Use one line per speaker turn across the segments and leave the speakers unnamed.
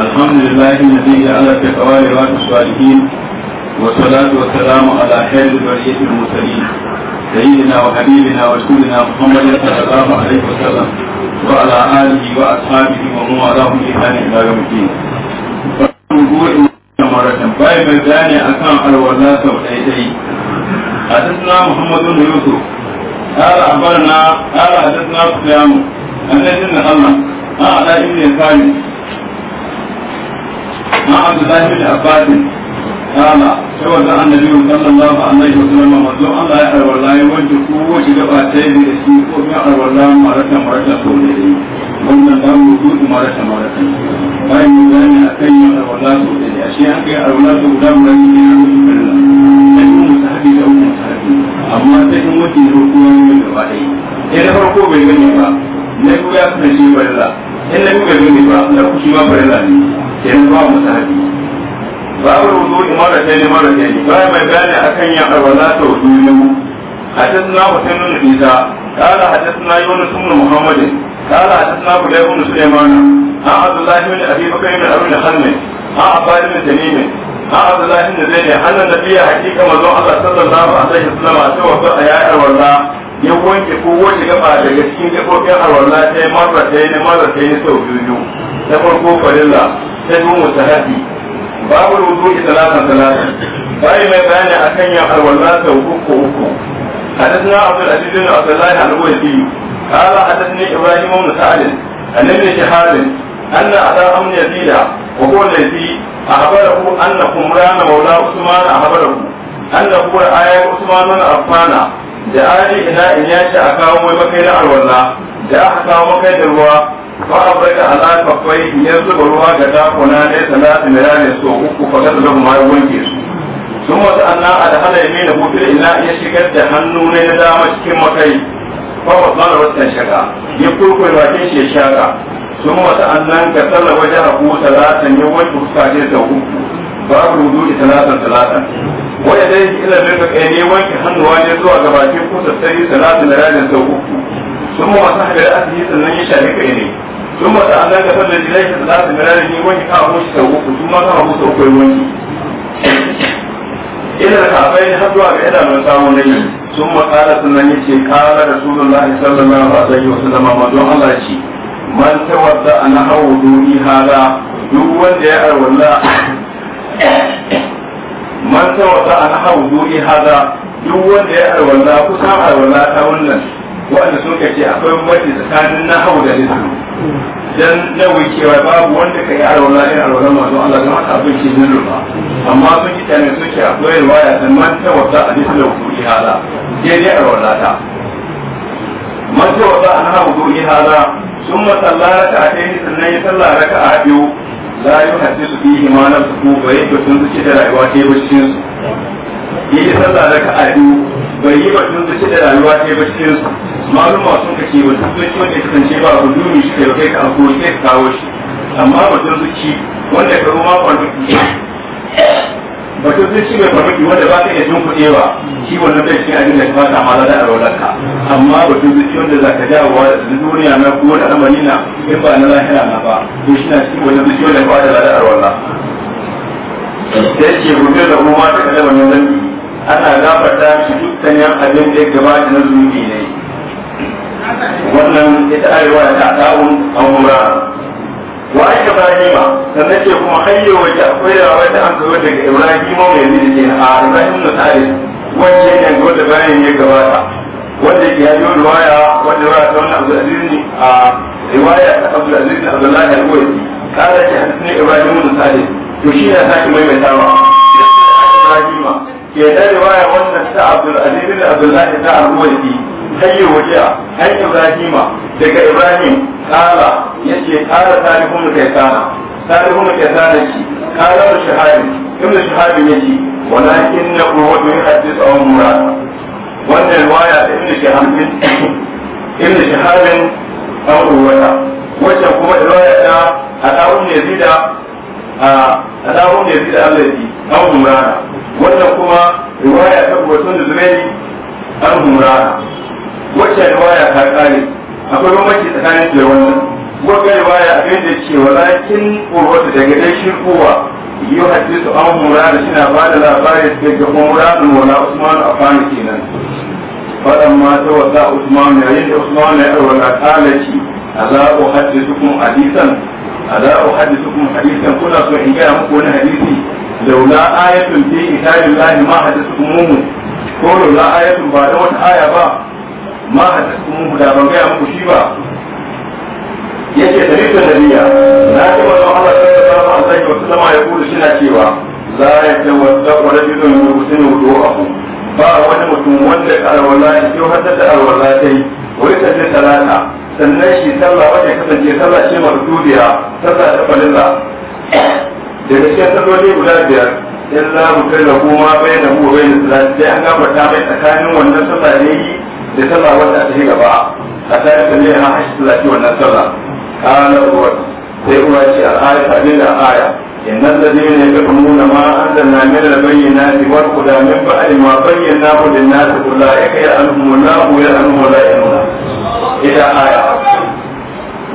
الحمد لله الذي جعل في قوارب الصالحين والصلاة والسلام على خير البرية المرسلين سيدنا وحبيبنا ورسولنا محمد صلى الله عليه وسلم وعلى آله وأصحابه ومن والاه بإحسان إلى يوم الدين. باي بياني أكان الولاة والأيدي حدثنا محمد بن يوسف قال أخبرنا قال حدثنا سفيان أن ابن الله قال ابن الخالد ما عبد الله بن عباس قال تولى النبي صلى الله عليه وسلم مظلوم الله يحر والله يوجه قوة جبعة تيدي اسمه قوم يحر والله مرة مرة قوله قلنا له وجود مرة مرة فإن الله أكيد يحر والله قوله أشياء كي يحر والله قوله ولا يحر والله تكون مستحبي أو مستحبي أما تكون متي ركوع من الوحي إذا فرقوا بيني با نكوا يحر شيء بالله إن نكوا بيني با نكوا شيء بالله kenan ba mu sahabi babu wudu mara ta ne mara ta ne ba mai gane akan ya arwala ta wudu ne mu حدثنا حسين بن عيسى قال حدثنا يونس بن محمد قال حدثنا بلال بن سليمان عن عبد الله بن ابي بكر بن ابي الحنم عن عباد بن تميم عن عبد الله بن زيد ان النبي حقيقه مزون الله صلى الله عليه وسلم اتوفى يا اروالا ya wanke ko wace gaba daga cikin gabobin arwala ta yi marar ta yi marar ta yi sau biyu ta farko farilla ta biyu mutahabi babu rubutu talatan talatan bai mai bayani akan yin alwala sau uku uku حدثنا عبد العزيز بن عبد الله العلوي قال حدثني ابراهيم بن سعد عن ابن شهاب ان ابا امن يزيد وهو الذي اخبره ان قمران مولى عثمان اخبره ان هو آية عثمان بن afana da ali ina in ya a kawo mai makai na alwala da aka kawo makai da ruwa ba a bai da halaka kwai in ya zuba ruwa ga dakuna ne salatu mirane so uku fa gasa da kuma wanke su sun wata anna a da hada yamin da hutu da ina ya shigar da hannu ne na dama cikin makai fa ba tsara wata shaga ya kurkure bakin shi ya shaga sun wata annan ka tsalla wajen haku salatan ya wanke fuskaje da uku babu rudu da talatin. salatan wanda dai ila da kai ne wanke hannuwa ne zuwa ga bakin kusa sai da mirane sau uku ثم مسح برأسه سنن يشامي كيني ثم سألنا كفل لله ثلاث مرارين يواني كأبوش سوق ثم كأبو سوق يواني إذا كأبين حدوا بإذا من سامو نيم ثم قال سنن يشي قال رسول الله صلى الله عليه وسلم ما دون الله يشي من تودى أنا أودوني هذا duk wanda ya arwalla man tawadda an hawu hada duk wanda ya arwalla kusan arwalla ta wannan wanda sun ce akwai wani tsakanin na hau da nisu dan nawi cewa babu wanda ka yi arwala yin arwala masu Allah zama ta abin shi nuna ba amma sun ji tare suke ce akwai waya sun mata wata a nisu da kuɗi hala daidai arwala ta mata wata a hau kuɗi hala sun masalla raka a ɗaya sannan ya sallah raka a biyu la yi hasi su bi himanar su ko bai ba sun zuci da rayuwa ta yi bacin
su
yi sallah raka a biyu bai yi ba sun zuci da rayuwa ta yi bacin su maluma sun ka ce wanda zuci wanda ya kasance ba a gudumi shi kai kai ka an koyi kai ka kawo shi amma ba batun ci wanda ka roma farmaki batun ci mai farmaki wanda ba ka iya tun kuɗewa shi wannan bai cikin abin da ka fata ma lada a rolarka amma batun zuci wanda za ka dawowa da duniya na ko da amani na in ba na lahira na ba to shi na cikin wannan zuci wanda ba da lada a rolar sai ce gobe da kuma ta kada wannan zambi ana gafarta shi dukkanin abin da ya gabata na zunubi ne wannan ita arewa ta ta'un amura wa an ibrahima sannan ce kuma hayyo wace akwai rawar da an kawo daga ibrahima mai ne a ibrahim na tare wanda ne yanzu da bayan ya gabata wanda ke yayo riwaya wanda ba ta wannan abdulaziz ne a riwaya ta abdulaziz ne abdullahi al-waisi kala ce hadisin ibrahim na tare to shi na sake maimaitawa ibrahima ke da riwaya wannan ta abdulaziz ne abdullahi ta al-waisi hayya wajiya hayya ibrahima daga ibrahim kala yace kala talibun kai kana talibun kai kana ki kala shahabi ibnu shahabi yace walakin nahu min hadith tsawon mura wannan waya da hamdin inda shi halin aw wata wacce kuma waya ta adawun zida a adawun allah allazi aw murad wannan kuma riwaya ta wasu zubairi an murad wacce riwaya ta kare akwai bambanci tsakanin da wannan wacce riwaya abin da ce walakin urwata daga dai shi kowa yi hadisu an mura da shi na ba da labari daga muradun wala usman a fani kenan fadan mata wata usman yayin da usman ya a arwala kalaci ala uhaddithukum hadisan a ala uhaddithukum hadisan kuna so in gaya muku wani hadisi laula ayatun fi kitabillahi ma hadithukum ko laula ayatun ba da wata aya ba ma a cikin da ban gaya muku shi ba yace da rikon nabiya na ji zama Allah sallallahu alaihi wa sallam ya kudu shi na cewa la ya tawadda wa rajulun a ku. ba wani mutum wanda alwala ya da haddata ta yi wai kace talata sannan shi sallah ya kasance sallah ce mardudiya sallah ta falilla daga cikin salloli guda biyar in za mu kai da kuma bai da mu bai da salati sai an gafarta mai tsakanin wannan sallah ne yi. da sallah wanda aka yi gaba a tare da ne ha hashi lati wannan sallah kana ruwa sai uwa ce al'aya ta ne da aya innan da ne ne ga kuma ma an da na mai da bayyana ni war ku da min ba ali ma bayyana ku da na ta kula ya kai al-muna ku ya al-muna ya muna ita aya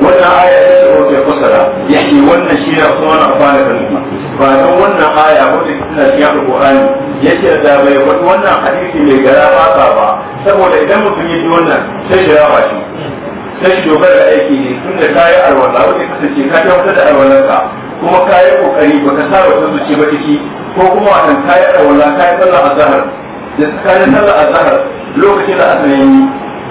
wannan aya ta ce ko ta kusara yake wannan shi ne kuma na amfana da ba don wannan aya ko ta kina shi ya Qur'ani yake da bai wani wannan hadisi mai gara ba ba saboda idan mutum yi wannan sai shi raba shi sai shi dogara da aiki ne tun da kayi alwala wanda kasance ka tabbatar da alwalanka kuma kayi kokari ka sa wata zuci ba ciki ko kuma wannan kayi alwala kayi sallah azhar da kayi sallah azhar lokacin da aka yi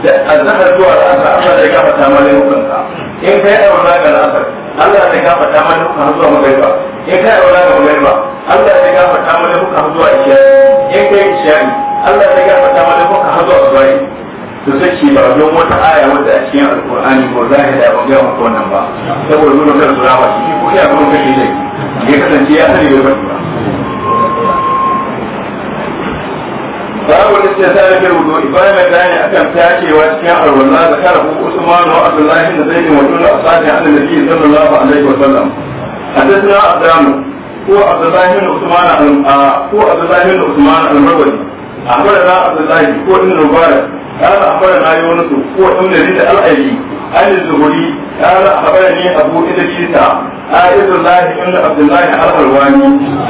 da azhar zuwa da asar Allah zai gafarta ma laifukanka in kai alwala ga asar Allah zai ta ma laifukan zuwa magariba in kai alwala ga magariba Allah ya gafarta mana muka har zuwa isha in kai isha Allah ya gafarta mana muka har zuwa asubai to sake ba don wata aya wadda a cikin alkur'ani ko zahiri ban ga maka wannan ba saboda nuna kan surawa shi ko ya gurin kake dai ya kasance ya sani bai ba babu istihsar bil wudu bayan bayani akan tacewa cikin alwala da kara ko Usman wa Abdullah bin Zaid wa Abdullah da an Nabi sallallahu alaihi wa sallam ko abdullahi bin usman al ko abdullahi bin usman al a akwai da abdullahi ko ibn mubarak kala akwai da yunus ko ibn zaid al ali al zuhuri kala akwai ne abu idrisa aizullahi abdullahi al alwani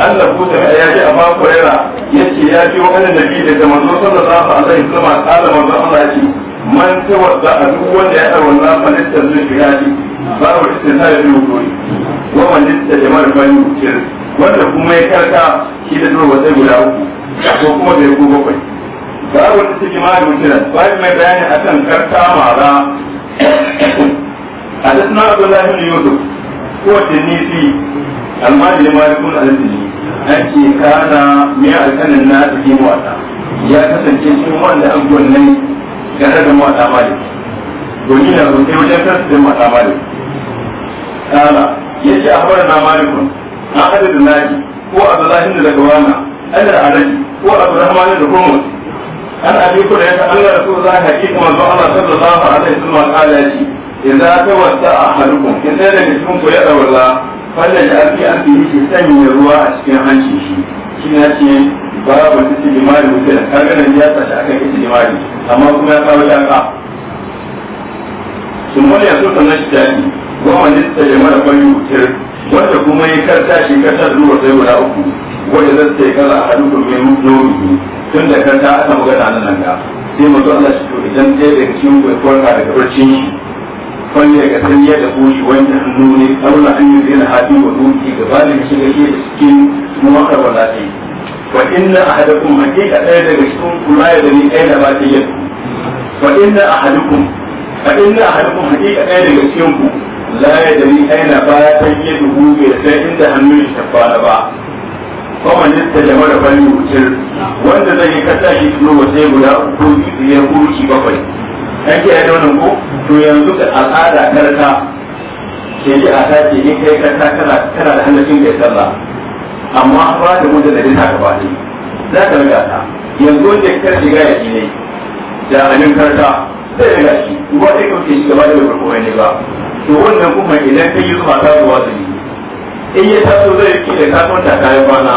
Allah ko ta ya ji amma kurera yace ya ji wannan nabi da zamanin sallallahu alaihi wasallam kala manzo Allah ya man ta wadda a duk wanda ya tsaron na falistar zai shiga ji ba wa istin ta yi wa man ta jama'ar bayu kirki wanda kuma ya karka shi da zuwa wasai guda uku ko kuma da ya gugu bakwai ba wanda suke ma da mutuna ba shi mai bayani a kan karka mara a da suna abin lahim da yusuf ko wace nisi almajin ya mara kuna da jini ake kana mai alkanin na ta ke mawata ya kasance shi wanda an nan gane da mawata mali domin yanzu sai wajen kansu da mawata mali kana ya ce a na malikun a hada da nari ko a zalahin da daga wana an da alaji ko a rahmanin da hormon an abi ko da ya ta'alla da su za ka kuma manzo Allah sallallahu alaihi wasallam kala shi idza a ahadukum in sai daga cikin ku ya dawalla fallan da abi an bi shi sanya ruwa a cikin hanci shi shi na ce babu ta ce limari wuce da kaga nan ya tashi akan ita limari amma kuma ya kawo ya ka sun wani ya so ta shi. daɗi wa manista yi mara bari wutar wanda kuma ya karta shi kasar zuwa sai guda uku wanda zai sai kala a hadu domin nomi tun da karta aka magana nan nan ga sai mutum Allah shi to idan ɗaya daga cikin gwaikwarka daga barcin wani ya kasan ya da koshi wanda hannu ne kaula an yi zai na haɗi wa doki gaba da shi da ke cikin muwakar walaɗi wa inna ahadakum hakika ɗaya daga cikin kula ya da ni ɗaya da ba ta yi wa inna ahadakum a inna ahadakum hakika ɗaya daga cikin ku la ya dari aina baya ta yi dubu bai sai inda hannun shi ta fara ba kuma ne ta jama da bani wucin wanda zai yi kasa shi tuno wa sai guda ko biyu ya kuruci bakwai an ke da wannan ko to yanzu da al'ada karka ke yi a tace in kai karka kana kana da hannun kai sallah amma ba da mutum da ta gaba ne za ka riga ta yanzu wanda ka shiga ya ne da amin karka zai riga shi ruwa ɗaya kawai shi gaba da bai ne ba to wannan kuma idan ta yi zuwa ta zuwa da ni in ya taso zai fi da ta kayan kwana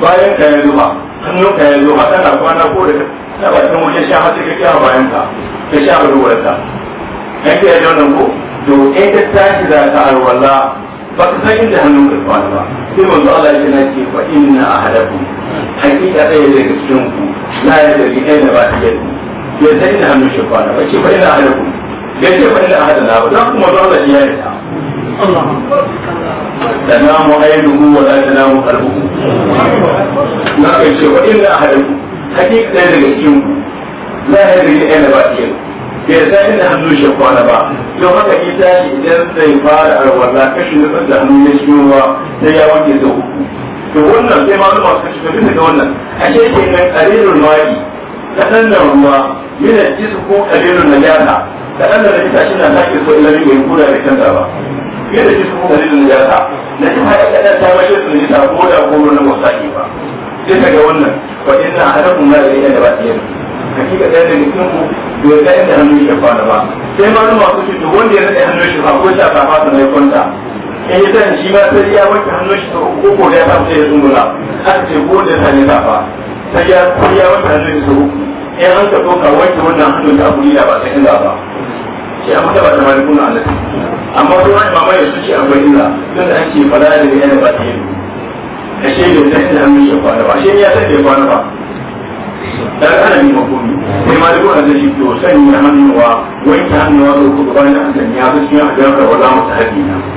bayan kayan zuwa hannun kayan zuwa tana kwana ko da ta bakin wajen sha hatsi ka kyawa bayan ka ta sha ta yan kiyar da wannan ko to in ta tashi za ta alwala ba ka san inda hannun ka kwana ba sai wanzu Allah ya na ce fa inna ahadakum hakika ta yi cikin ku la ya dari ɗaya da ba ta yadda ya san inda hannun shi kwana ba ce fa inna ahadakum ya ce ba ina hada na ba za kuma zo da ya yi da na mu ainihu wa la na mu kalbu na kai ce wa ina hada hakika ɗaya daga cikin la ya rike ɗaya ba ke bai san inda hannu shi kwana ba don haka ita shi idan zai fara alwala kashi na tsanta hannu ya shi ruwa sai ya wanke sau to wannan sai ma zuma suka shiga bisa ga wannan a ce ke nan ƙalilun ma'i kaɗan da ruwa yana jisu ko ƙalilun na yata da ɗan da na ta shi na sake so ina bai kura da canza ba fiye da shi su kuma dalilin ya yasa na ji haka ɗan ta mashi su ne ta ko da ko na wasaki ba sai ka ga wannan wa inna hadakum la ilaha illa huwa hakika ɗaya daga cikin ku bai ga inda hannun shi fara ba sai ma ruwa ku ce to wanda ya rade hannun shi ba ko sha ta fasa na kwanta in yi san shi ba sai ya wanke hannun shi ko ko ya samu sai ya zungula har ce ko da ta ne ta fa sai ya wanke hannun shi sau uku ya eh, an ka toka wanke wannan hannun da abu ne ba sai inda ba shi an mata ba da malikuna a amma kuma ma da su ce an inda tun da an ce da ne yana ba ta yi da shi ne da inda hannun ya kwana ba shi ya san da ya kwana ba dan ana ne makomi sai malikuna da shi to sanya hannuwa wanke hannuwa da kuma bayan ya sanya su cikin ajiyar da wala mutahadina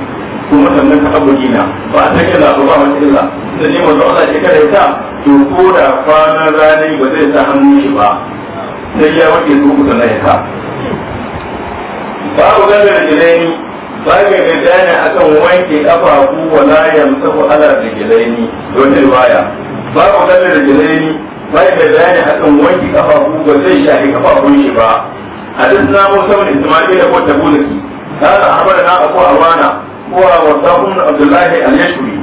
kuma sannan ka abu dina ba a ta labu ba wani illa da ne mu Allah ya kada ta to ko da kwana rani ba zai sa hannu shi ba sai ya wake su ku sannan ya ka babu gaza da gilaini babu ga dana akan wanke kafafu wala yamsahu ala da gilaini don riwaya babu gaza da gilaini babu ga dana akan wanke kafafu ba zai shafi kafafun shi ba da su بن اسماعيل وتبولك قال اخبرنا a عوانه ووثاق بن عبد الله اليشوي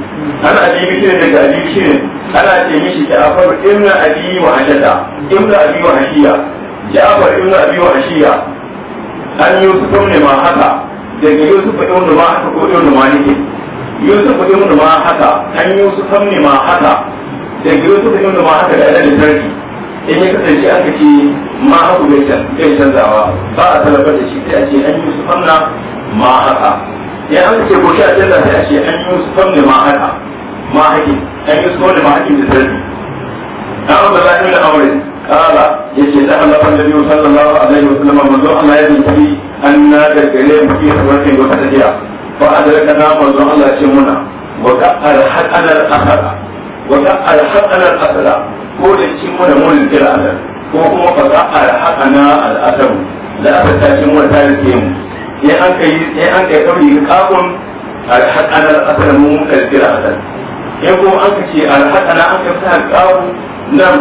أنا أبي بشير لك أبي بشير أنا تيمشي جعفر ابن أبي وعشدة ابن أبي وعشية جعفر ابن أبي وعشية أن يوسف بن daga Yusuf ibn ma haka ko ibn Malik Yusuf ibn ma haka an Yusuf ibn ma haka daga Yusuf ibn ma haka da ɗan sarki in ya kasance aka ce ma haku bai canzawa ba a talabar da shi sai a ce an Yusuf ma haka ya an ce ko sha jalla sai a ce an yi su fanne ma haka ma haki an yi su fanne ma haki da sarki an abu da ibn amr kala yace da Allah fa nabi sallallahu alaihi wasallam manzo Allah ya dinki anna da gare mu fi wannan wata tafiya fa adraka na manzo Allah ce muna wa ka alhaqana al-akhara wa ka alhaqana al-akhara ko da cin muna mun kira Allah ko kuma fa ka alhaqana al-akhara da aka tashi mu ta rike mu ne an yi ne an kai kauli ga kakun alhaqana al-asal mu mukalfir asal in ko an ka ce alhaqana an ka sa kaku nan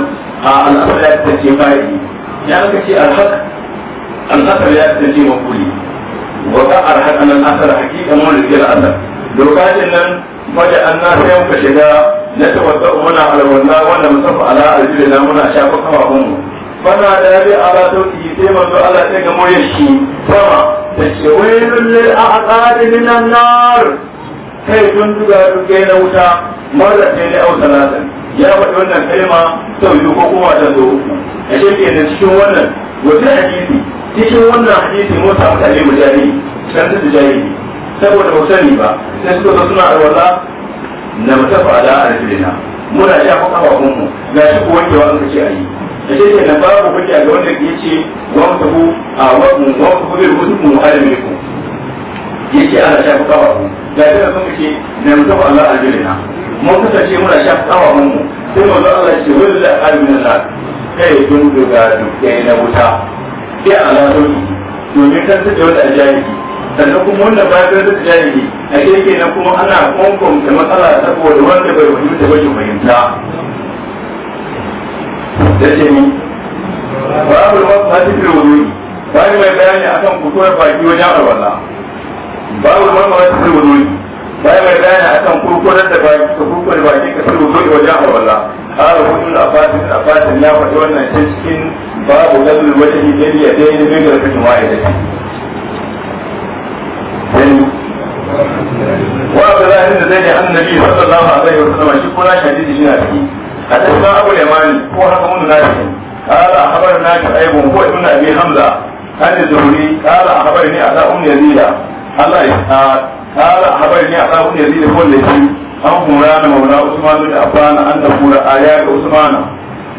al-asal ya tace bai ya an ka ce alhaq al-asal ya tace makuli wa ka alhaqana al-asal hakika mukalfir asal lokacin nan wajen an na sayan ka shiga na tabbata muna alwala wanda musamman ala aljibina muna shafa kafafunmu bana da yabi ala sauki sai manzo Allah sai ga moyar shi sama da ce lulle a aqad minan nar kai sun duga duke na wuta marra sai da auta lata ya faɗi wannan kalma sau biyu ko kuma ta zo a ce ke cikin wannan wata hadisi cikin wannan hadisi mu mutane kalli kan dan da jahili saboda ba sani ba sai suka zo suna alwala na mutafa da arjilina muna shafa kafafunmu ga shi ko wankewa an a ayi da shi kenan babu hujja ga wanda ya ce wani ku a wani tabu bai rubutu mu adami ku yake ana shafa kawa ku da kana sun ce na mutum Allah aljirina mun kasance muna shafa kawa mun mu sai manzo Allah ce wani la almin na kai dun duga dukai na wuta sai Allah ya domin kan ta da ajayi sannan kuma wanda ba ya da jahili a kirki na kuma ana kwankwan da matsala saboda wanda bai fahimta ba shi fahimta da ce ni babu wasu hadisi wuri bani mai bayani akan kutuwar baki wajen alwala babu wasu hadisi wuri bani mai bayani akan kurkurar da baki ka kurkurar baki ka sirri wuri wajen alwala har hudun afatin afatin na faɗi wannan ta cikin babu lalul wata hidari ya ɗaya ne bai da rikin wa'ida وعبد الله بن زيد عن النبي صلى حدثنا ابو اليماني هو حكم الناجي قال اخبرنا شعيب هو ابن ابي حمزه عن الزهري قال اخبرني على ام يزيد الله يسعد قال اخبرني على ام يزيد an hura na maula usman da afana an da hura aya ga usman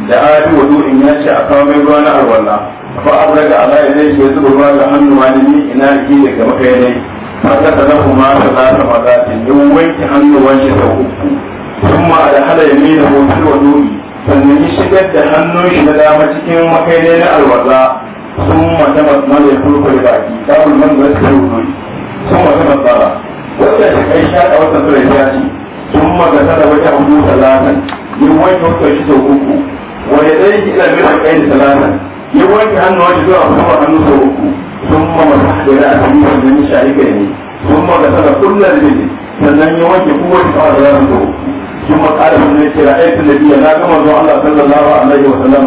da abi wudu in ya a kawo mai ruwa na alwala fa abra ala ya zai zuba ruwa ga hannu ni ina ta wanke uku kuma a da hada yami da hotar wa duri sannan ya shigar da hannun shi na dama cikin makaidai na alwaza sun mata masu ya furko da baki damar man da su yi wuri sun mata matsala wanda shi kai sha da wata sura ya ce sun mata sada wata hudu talatan yin wanke wata shi sau uku wani zai yi ila mai kai da talatan yi wanke hannun shi zuwa kuma hannu sau uku sun mata da ra'ayi sannan ya shari'a ne sun mata sada kullum da sannan ya wanke kowace fara da ra'ayi ثم قال ابن na رأيت النبي لا كما الله صلى الله عليه وسلم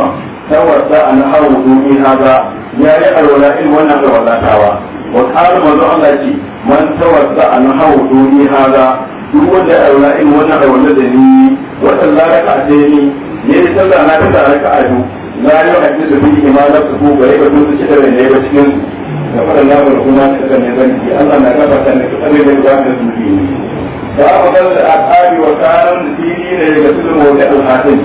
توسع أن أرضي هذا يا يا الولاء وانا الولاء تاوى وقال منذ الله من توسع أن أرضي هذا duk wanda ya in wannan aiwanda da ni wannan ka a ni ne da sallah na ta laraka a du na yi wa hadisi da fi ima na su ko gare ba su ci da ne ba cikin da faɗin lamar kuma ta kan ne zan yi Allah na gabata ne ta tsaye da ba da su ne babu gaba da alƙari wa tsarin da fili ne daga su zama wani alƙatin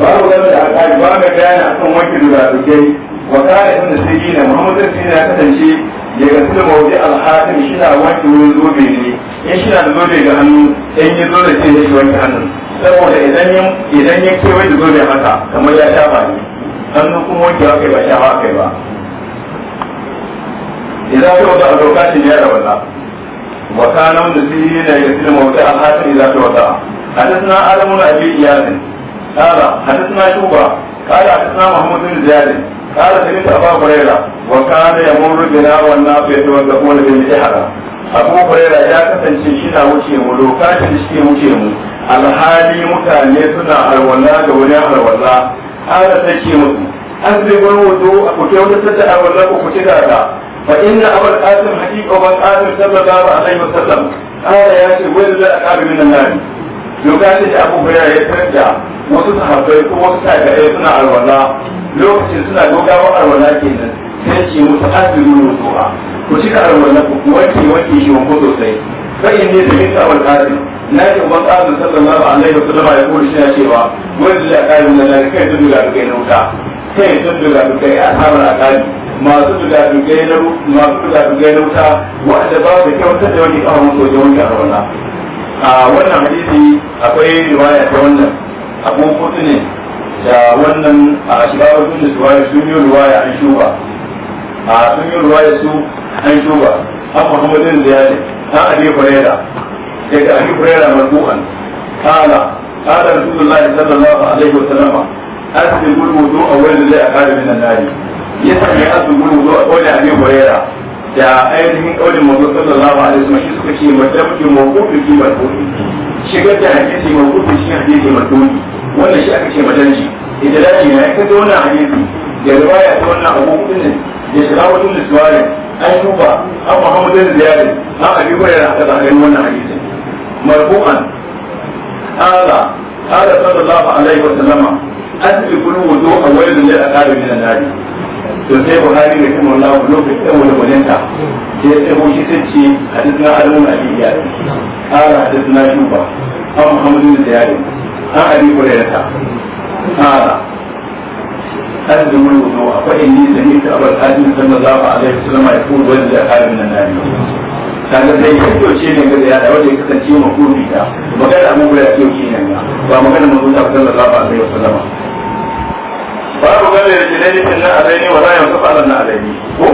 babu gaba da alƙari ba ga gane akan wakil da dukai wa tsarin sun da sigi na muhammadu sun ya kasance daga su zama wani alƙatin shi na wanke wurin zobe ne in shi na da zobe ga hannu in yi zobe ce ya shi wanke hannun saboda idan yin ya kewaye da zobe haka kamar ya sha ba ne hannu kuma wanke wa kai ba sha ba kai ba idan ka wata a lokacin ya da وكان لا يسلم موضع الحاكم إذا توضع حدثنا آدم بن أبي إياد قال حدثنا شوبا قال حدثنا محمود بن زياد قال سمعت ابا هريرة وكان يمر بنا والناس يتوقفون بالإحرام abu huraira ya kasance shi na wuce mu lokacin da shi wuce mu alhali mutane suna alwala da wani alwala har da take musu an zai wani wato a kuke wata tattar alwala ko kuke da فإن أبا القاسم حقيقة أبا القاسم صلى الله عليه وسلم قال يا شيخ وين لا أقابل من النار lokacin da abu ya ya canja wasu sahabbai ko wasu tagarai suna alwala lokacin suna dogawa alwala kenan sai ce musu asiru rutuwa ku cika alwala ku wanke wanke shi wanko sosai sai in ne da yin tsawon tsarin na ji uban tsarin sallallahu alaihi wa sallama ya kori suna cewa wanda da ƙarin da na kai tun da ga kai na wuta kai tun da ga kai a tsarin a masu dugadugai na masu dugadugai na wuta wanda ba su kyauta da wani kawo musu wajen wani a wannan a wannan hadisi akwai riwaya ta wannan abu kutu ne da wannan a shiga sun da riwaya sun yi riwaya an shuba a sun yi riwaya su an shuba an muhammadin ziyari an abi hurera daga abi hurera marfu'an kala قال رسول الله صلى الله عليه وسلم أسلم الوضوء ولله أقال من النار ya sanya azumin a abi huraira da ainihin kaulin manzo sallallahu alaihi wasallam shi suka ce madabtu mawqufi fi marfu'i shigar da hadisi mawqufi shi hadisi marfu'i wanda shi aka ce madanji idan daji na ya kaga wannan hadisi da riwaya ta wannan abu kudin da shirawatun liswari an tuba an muhammadin ziyari an abi huraira aka zagayen wannan hadisin marfu'an ala ala sallallahu alaihi wasallama asbiqul wudu'a wa yadul aqarib min an-nar to sai buhari da kuma Allah lokacin da wani bayanta sai sai ko shi tace hadisna alamun aliya qala hadisna shuba an muhammadu bin ziyadi an abi hurairata qala أنزم الوضوء فإني سمعت أبا الحاتم صلى الله عليه وسلم يقول وجد أحد من النار kaga sai ya fito ce ne gaza ya da wanda ya kasance makobi da magana abubuwa ya fito ce ne ba magana mabuta sallallahu alaihi salama. babu galle da jilai nufin na alaini wa layan tafi alan na alaini ko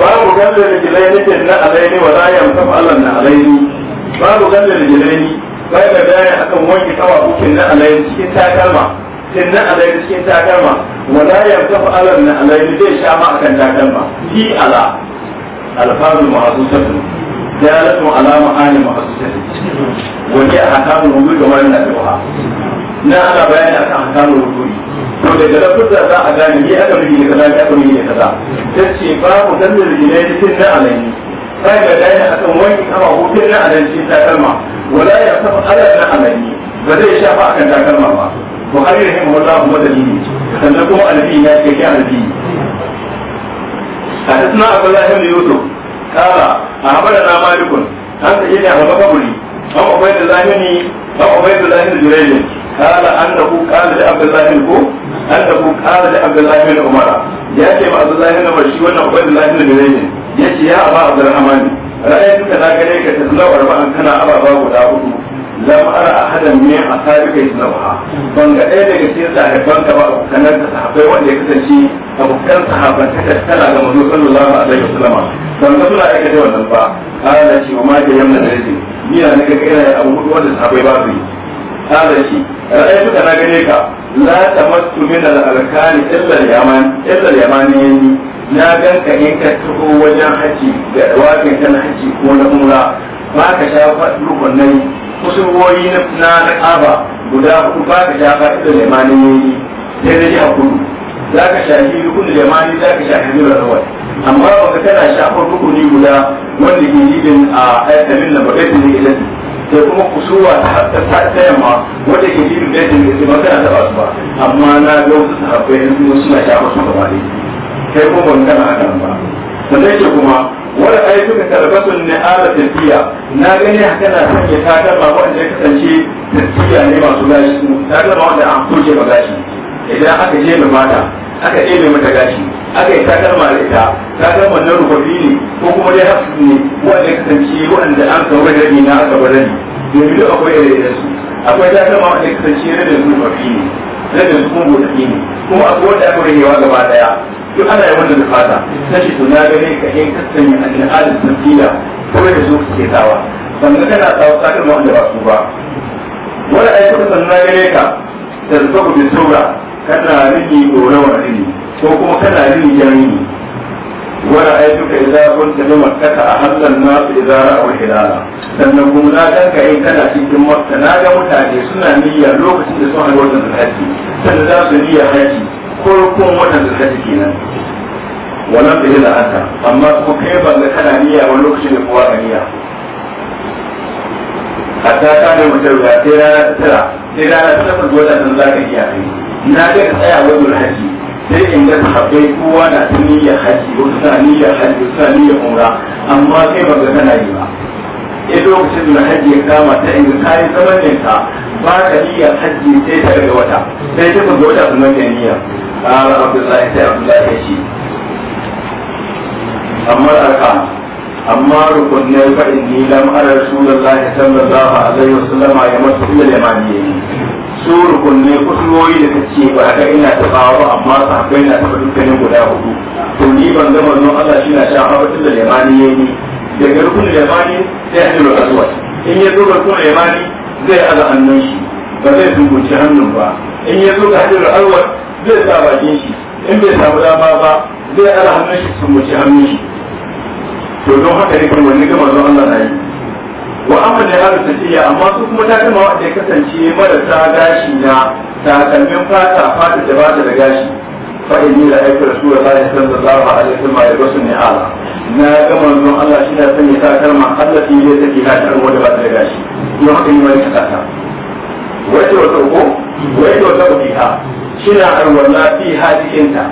babu galle da jilai nufin na alaini wa layan tafi alan na alaini babu galle da jilai ni bai da bayan akan wanke kawa ukin na alaini cikin takalma cikin na alaini cikin takalma wa layan tafi alan na alaini zai sha ma akan takalma fi ala alfazul ma'asusatu dalatun ala ma'ani ma'asusatu wajen hakamun umar da wani na na ana bayani akan hakamun rukuni to daga lafuta za a gane ni aka miji da kaza aka da kaza ta ce babu dalil jinai cikin na alani sai ga dai akan wani kama hutun na alani cikin takalma wala ya fa ala na alani ba zai shafa akan takalma ba buhari rahimahullahu wa dalili sannan kuma alfi ya ce ke alfi حدثنا عبد الله بن يوسف قال اخبرنا مالك عن سيدنا ابو بكر عبيد الله بن عبيد الله بن جريج قال قال لعبد الله بن an annahu qala li abdullahi bin umar ya ce ma abdullahi bin umar shi wannan abdullahi bin umar ya ce ya aba abdurrahman ra'ayin ka na gare ka ta zuwa arba'an kana ababa guda hudu lam ara ahadan min ashabika yasnaha ban ga ɗaya daga cikin sahabban ka ba kanar ta sahabbai wanda ya kasance abokan sahabban ta tattala ga manzo sallallahu alaihi wasallam ban ga suna aikata wannan ba ala shi wa ma da yamna da rike ni na ga kai abu wanda sahabbai ba su yi ala shi ra'ayin ka na gare ka la tamattu min al-arkani illa al-yaman illa al-yamani na ganka in ka taho wajen haji da wakin kan haji ko na umra ba ka sha rukunai kusurwoyi na na kaba guda hudu ba ka sha fa'ida limani ne sai da jiha kudu za ka sha shi rukun limani za ka sha hajjura da wani amma ba ka tana sha rukuni guda wanda ke jibin a aikalin na bakai ne ilani da kuma kusurwa ta hatta ta tsayama wanda ke yi da yadda mai zama kana taɓa su ba amma na ga wasu sahabbai na kuma suna shafa su gaba ne kai kuma ban gana a kan ba sannan ce kuma wani ayyukan tarbatun na ala tafiya na gani haka na sanya takalma wanda ya kasance tafiya ne masu gashi takalma wanda an soke ba gashi idan aka je mai mata aka ɗebe mata gashi aka yi takalma da ita takalman na rufafi ne kuma dai haka ne wanda ya kasance wanda an da rage na aka bar rage domin duk akwai da su akwai ta kama wanda ya kasance na rage su mafi ne rage su kuma botaki ne kuma akwai wanda aka ragewa gaba daya duk ana yi wanda da fata na shi to na gane ka in kasance a cikin halin tafiya kawai da su ke sawa sannan kana sawa sakan wanda ba su ba wani ayyukan sannan na gane ka da su ka kuma kana rage ɗorawa ne ko kuma kana rage jan ورأيتك إذا كنت بمكة أهل الناس إذا رأوا هلالا sannan kuma na dan ka in kana cikin makka na ga mutane suna niyya lokacin da sun haɗu wajen haji sannan za su niyya haji ko kuma wajen haji kenan wannan da yana aka amma kuma kai ban ga kana niyya lokacin da kowa ka niyya hatta ta ne mutum ya sai rana ta tara sai rana ta tafi wajen za ka iya kai na ga ka tsaya wajen haji sai in ga sahabbai kowa na ta niyyar haji wasu na niyyar haji wasu na niyyar umra amma kai ba ga tana yi ba ya lokacin da haji ya kama ta in ta yi zaman ne ta ba ka niyyar haji sai ta daga wata sai ta ga wata kuma ta niyyar ƙara abdullahi sai abdullahi ya ce amma alƙa amma rukunai fa inni lam ara rasulullahi sallallahu alaihi wasallam ya masu ila limaniye su rukunai kusurwoyi da ta kace ba ka ina ta bawo amma sahabbai na taɓa dukkanin guda hudu to ni ban ga manzon Allah shi na shan haɓa ila limaniye ne daga rukun limani sai hajjul aswad in ya zo rukun limani zai ala hannun shi ba zai ci hannun ba in ya zo ga hajjul aswad zai sa bakin shi in bai samu dama ba zai ala hannun shi su ci hannun shi to don haka ne kuma wani gaba zuwa Allah na yi wa amma da yaro ta tiya amma su kuma ta kama wanda ya kasance marasa gashi na takalmin fata fata da ba da gashi fa inni la ayatu rasulullahi sallallahu alaihi wasallam ya rusul ne ala na ga manzon Allah shi da sanya takalma Allah shi ya take ta karwa da ba da gashi don haka ne ma ka ta wato wato ko wato wato ha shi na arwala ha cikin ta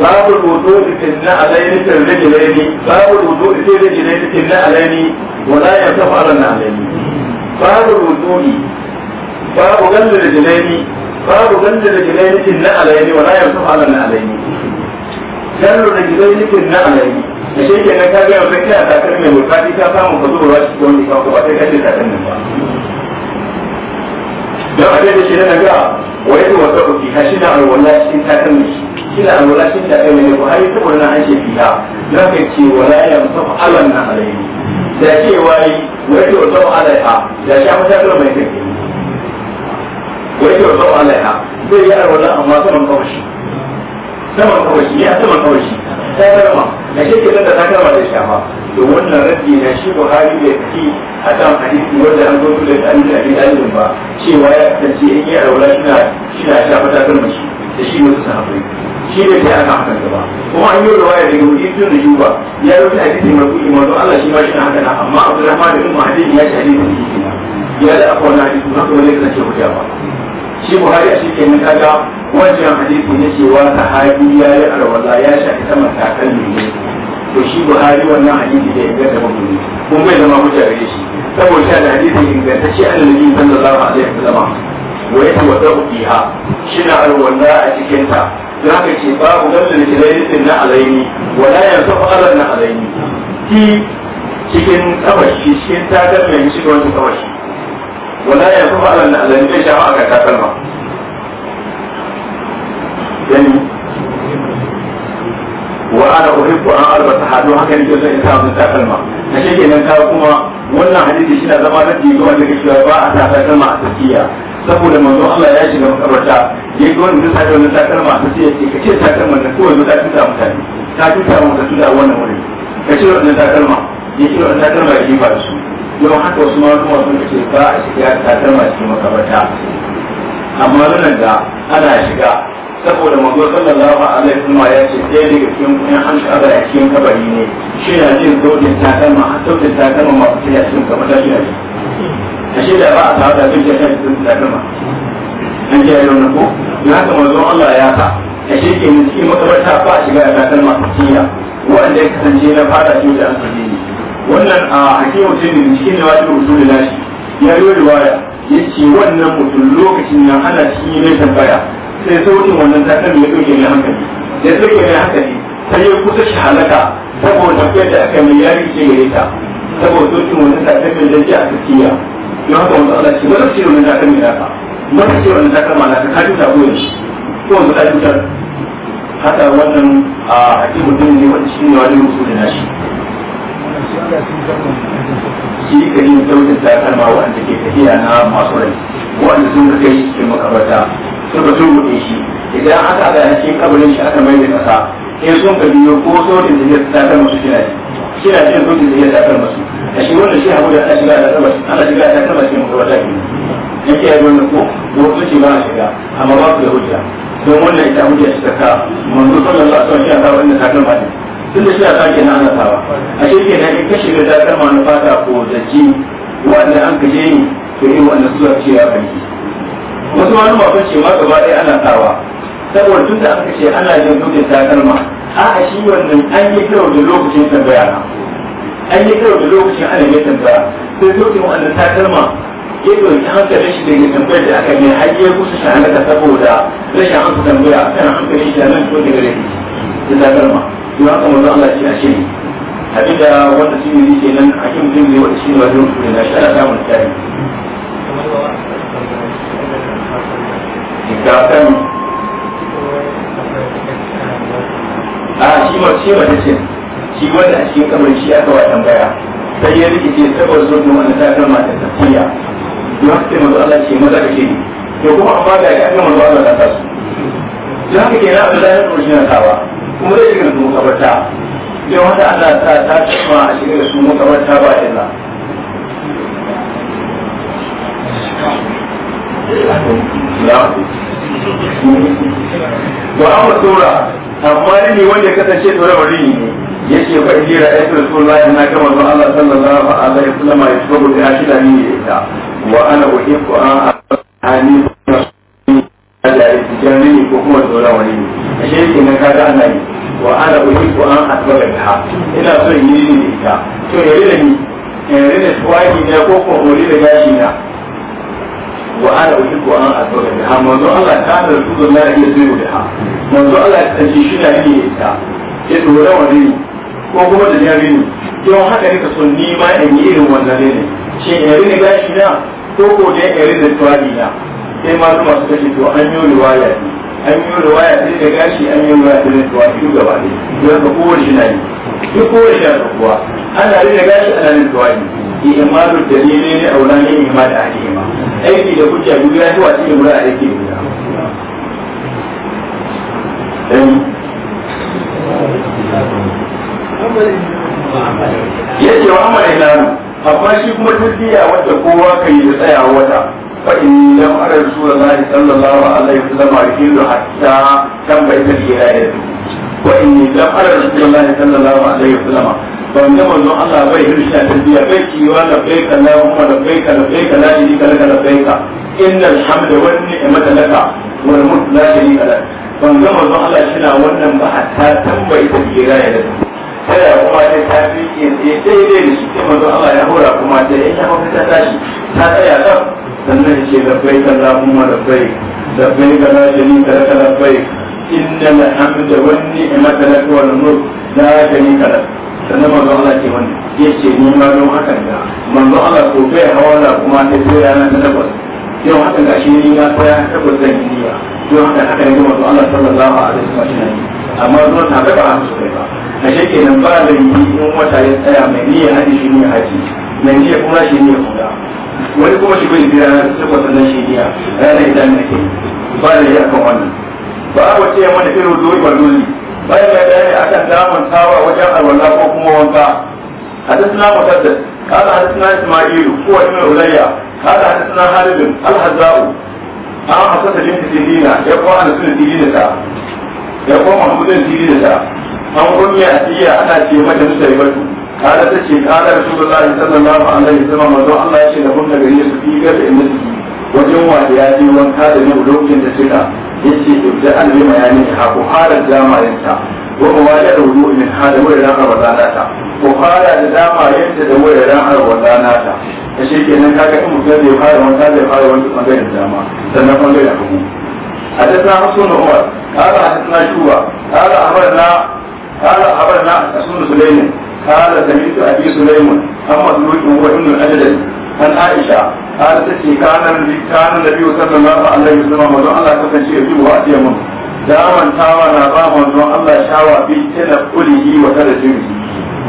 باب الوضوء في النعلين في الرجلين باب الوضوء في الرجلين في النعلين ولا يصح على النعلين باب الوضوء باب غل الرجلين باب غل الرجلين في النعلين ولا يصح على النعلين غل الرجلين في النعلين da shi ke nan ka ga yanzu kina takalmi mai hulka ta samu ka zuwa ruwa cikin wani kan ba sai ka ce takalmin ba don abin da shi na daga wai da wata uki ha shi na alwala cikin takalmi shi na alwala cikin takalmi ne buhari saboda na hanshe fiya na ka ce wala ya musafa alan na alayhi da ke wai wai da wata alaiha da shi a matakalmi mai kai wai da wata alaiha zai yi alwala amma saman kawai saman kawai ya saman kawai ta karama na shi ke da ta karama da shafa to wannan rabbi na shi buhari da kaci a kan hadisi wanda an zo da ta amina bin alim ba cewa ya kasance in yi alwala shi shina shafa ta karama shi da shi wasu sahabbai shi ne ta aka hakan gaba kuma an yi da waya daga wuri tun da yuba ya rubuta hadisi mai kuɗi ma manzo Allah shi ma shi haka na amma Abdulrahman da Umar hadisi ya shi hadisi ne ya da akwai na hadisi na kuma ne kasance hujja ba shi buhari a shi ke mun kaga wancan hadisi na cewa sahabi ya yi alwala ya shafi saman takalmi ne to shi buhari wannan hadisi da inganta ba kuma kun bai zama hujja gare shi saboda da hadisi a annabi sallallahu alaihi wasallam wa yata wa ha shi na alwala a cikin ta za ka ce ba ku shi gallin kilayin na alaini wala yanzu fa'alar na alaini ki cikin kabashi cikin takalmi shi da wani kabashi wala yanzu fa'alar na alaini bai shafa aka takalma yani wa ana uhibbu an albata hadu haka nake son in samu takalma na shi kenan ka kuma wannan hadisi shi na zama raddi ga wanda kake cewa ba a sa takalma a tafiya saboda manzo Allah ya shiga makabarta ya ga wanda sa wannan takalma a tafiya ce kace takalman da kowa ta tuta mutane ta tuta mutane tuta wannan wuri kace wannan takalma ya ce wannan takalma ya yi ba su yau haka wasu ma kuma sun ce ba a shiga takalma cikin makabarta amma nan da ana shiga saboda manzo sallallahu alaihi kuma ya ce ɗaya daga cikin kuɗin an kaba a cikin kabari ne shi na jin sautin takalma har sautin takalma ma ku a cikin kamar ta shi na a shi da ba a tawa da sun ce kan cikin takalma an ce yau na ko na haka manzo Allah ya sa a shi ke cikin makabarta ba a shiga da takalma a cikin wanda ya kasance na fara shi da an saje ne wannan a hakimu tilin cikin da wajen da lashi ya yi riwaya yace wannan mutum lokacin nan ana cikin mai tambaya sai sautin wannan takalmi ya ɗauke mai hankali ya ɗauke mai hankali sai ya kusa shi halaka saboda kai da aka mai yari ce gare ta saboda sautin wannan takalmi da ji a tafiya don haka wanda Allah ce wani shirin wannan takalmi mai ka wani ce wannan takalma mai ka kaji ta goyi ko wanda ta cutar haka wannan a hakimu din ne wani shi ne wani musulun da nashi. shi ka yi sautin takalma waɗanda ke tafiya na masu rai waɗanda sun ka kai cikin makabarta suka turbuɗe shi idan aka ga cikin kabarin shi aka mai da ƙasa in sun ka biyo ko sautin da ya takalma su kina shi na cikin sautin da ya takalma su a shi wannan shi hagu da ana shiga da takalma ana shiga da takalma cikin makabarta ne yake yi wannan ko wasu ce ba a shiga amma ba su da hujja don wannan ita hujja shi ta ka manzo sallallahu alaihi wasallam shi ya kawo wannan takalma ne tun da suna sake na ana sawa a shirke na ke kashe da zakar ma na fata ko ji wanda an kashe ni to yi suwa ce ya banki wasu wani mafi ce ma gaba ɗaya ana sawa saboda tun da aka ce ana jin dukkan takalma ma a a shi wannan an yi kyau da lokacin tambaya na an yi kyau da lokacin ana yi tambaya sai lokacin wannan takalma ma ya ɗauki hankalin shi ke tambayar da aka yi har ya kusa shi saboda rashin an tambaya kan hankalin shi da nan ko daga rikici da takalma ma don haka manzo Allah ce a ce hakika wanda shi ne ke nan a kin ne wanda shi ne wajen kudi na shara ta mun tare ga kan a shi ma shi ma ce shi wanda a cikin kamar shi aka wa tambaya sai ya rikice saboda zo da wannan ta kama mata tafiya don haka manzo Allah ce maza kake ne to kuma amma ga ya kan manzo Allah ta su don haka kenan Allah ya rushe na tawa kuma zai shiga su makabarta yau wata ana ta ta cima a shiga su makabarta ba illa ba a sura. amma rini wanda ya kasance tsore wa ya ce yake ba jira ya ta rasu Allah na gama zuwa Allah sallallahu alaihi wasallam ya shiga gudu ya shida ni da ita wa ana uhibbu an ani da ya jari ko kuma tsore wa rini ashe ke na kaga ana yi wa ana uhi ko an asbaba ta ina so yi ni ne ita to yare da ni yare da tsawaji na ko ko hori da gashi na wa ana uhi ko an asbaba ta manzo Allah ta da su da na iya zuwa da ha manzo Allah ta ce shi na yi ita ya dora wani ko kuma da jari ne yawan haka ne ka so ni ma in yi irin wannan ne shin yare da gashi na ko ko da yare da tsawaji na sai ma su masu kashe to an yi riwaya ne an yi ruwaya sai da gashi an yi ruwaya sai da tuwa biyu gaba ne don ka kowace na yi duk kowace na tuwa ana da gashi ana yi tuwa ne imanu dalili ne a wurare ima da alima aiki da hujja guda ya tuwa cikin wurare aiki guda ya ce wa amma ina amma shi kuma duk wadda kowa kan yi da tsaya wata فإن لم أرى رسول الله صلى الله عليه وسلم يشير حتى كم بيت الجلاية وإن لم أرى رسول الله صلى الله عليه وسلم فإن لم أرى الله بيه رشاة البيع بيتي ولبيك اللهم لبيك لبيك لا شريك لك لبيك إن الحمد والنعمة لك والملك لا شريك لك فإن لم أرى الله شنا ونم حتى كم بيت الجلاية kada kuma sai ta fi sai dai da shi kuma don Allah ya hura kuma sai in ya mafi ta tashi ta tsaya nan sannan ce labbai kan lafuma labbai labbai ga rajani ka raka labbai inda alhamdu wani imata na tuwa da mulk na rajani ka raka sannan manzo Allah ke wani ya ce ni ma don hakan da manzo Allah ko bai hawala kuma sai sai rana ta tabbas yau hakan ga shi ni na tsaya tabbas zan yi niyya don haka haka ne manzo Allah sallallahu alaihi wasallam amma zuwa ta ba a musu kai ba a shekke nan ba da yi in wata ya tsaya mai niyyar haji shi ne haji mai niyyar kuma shi ne kuda wani kuma shi bai biya takwas na shi niyya ranar idan na ke ba da yi akan wannan ba a wace yamma irin dole ba dole bayan mai bayani akan damun tawa wajen alwala ko kuma wanka حدثنا مسدد قال حدثنا اسماعيل هو ابن علي قال حدثنا خالد الحذاء عن حسن بنت سيدينا يقوى عن سنة سيدينتا يقوى محمود ta. an kunni a asiya ana ce mata musaibatu kada ta ce kada rasulullahi sallallahu alaihi wasallam manzo Allah ya ce da hunna gare su fi gar da musu wajen wanda ya je wanka da ne lokacin da suka yace ibda an bi bayani ha ko halar jamarinta wa mawada da wudu min hada wurin ramadana ta ko fara da dama yadda da wurin ramadana ta ashe kenan kaga in mutum zai fara wanka zai fara wani bangaren dama sannan bangaren hagu حدثنا حسن عمر قال حدثنا شوبه قال امرنا قال أخبرنا رسول سليم قال سمعت أبي سليم عن مسلوك هو ابن الأجل عن عائشة قال تتي كان كان النبي صلى الله عليه وسلم وضع الله كفن شيء يجيب وأتي منه داما تاوى نظام وضع الله شاوى في تنقله وترجمه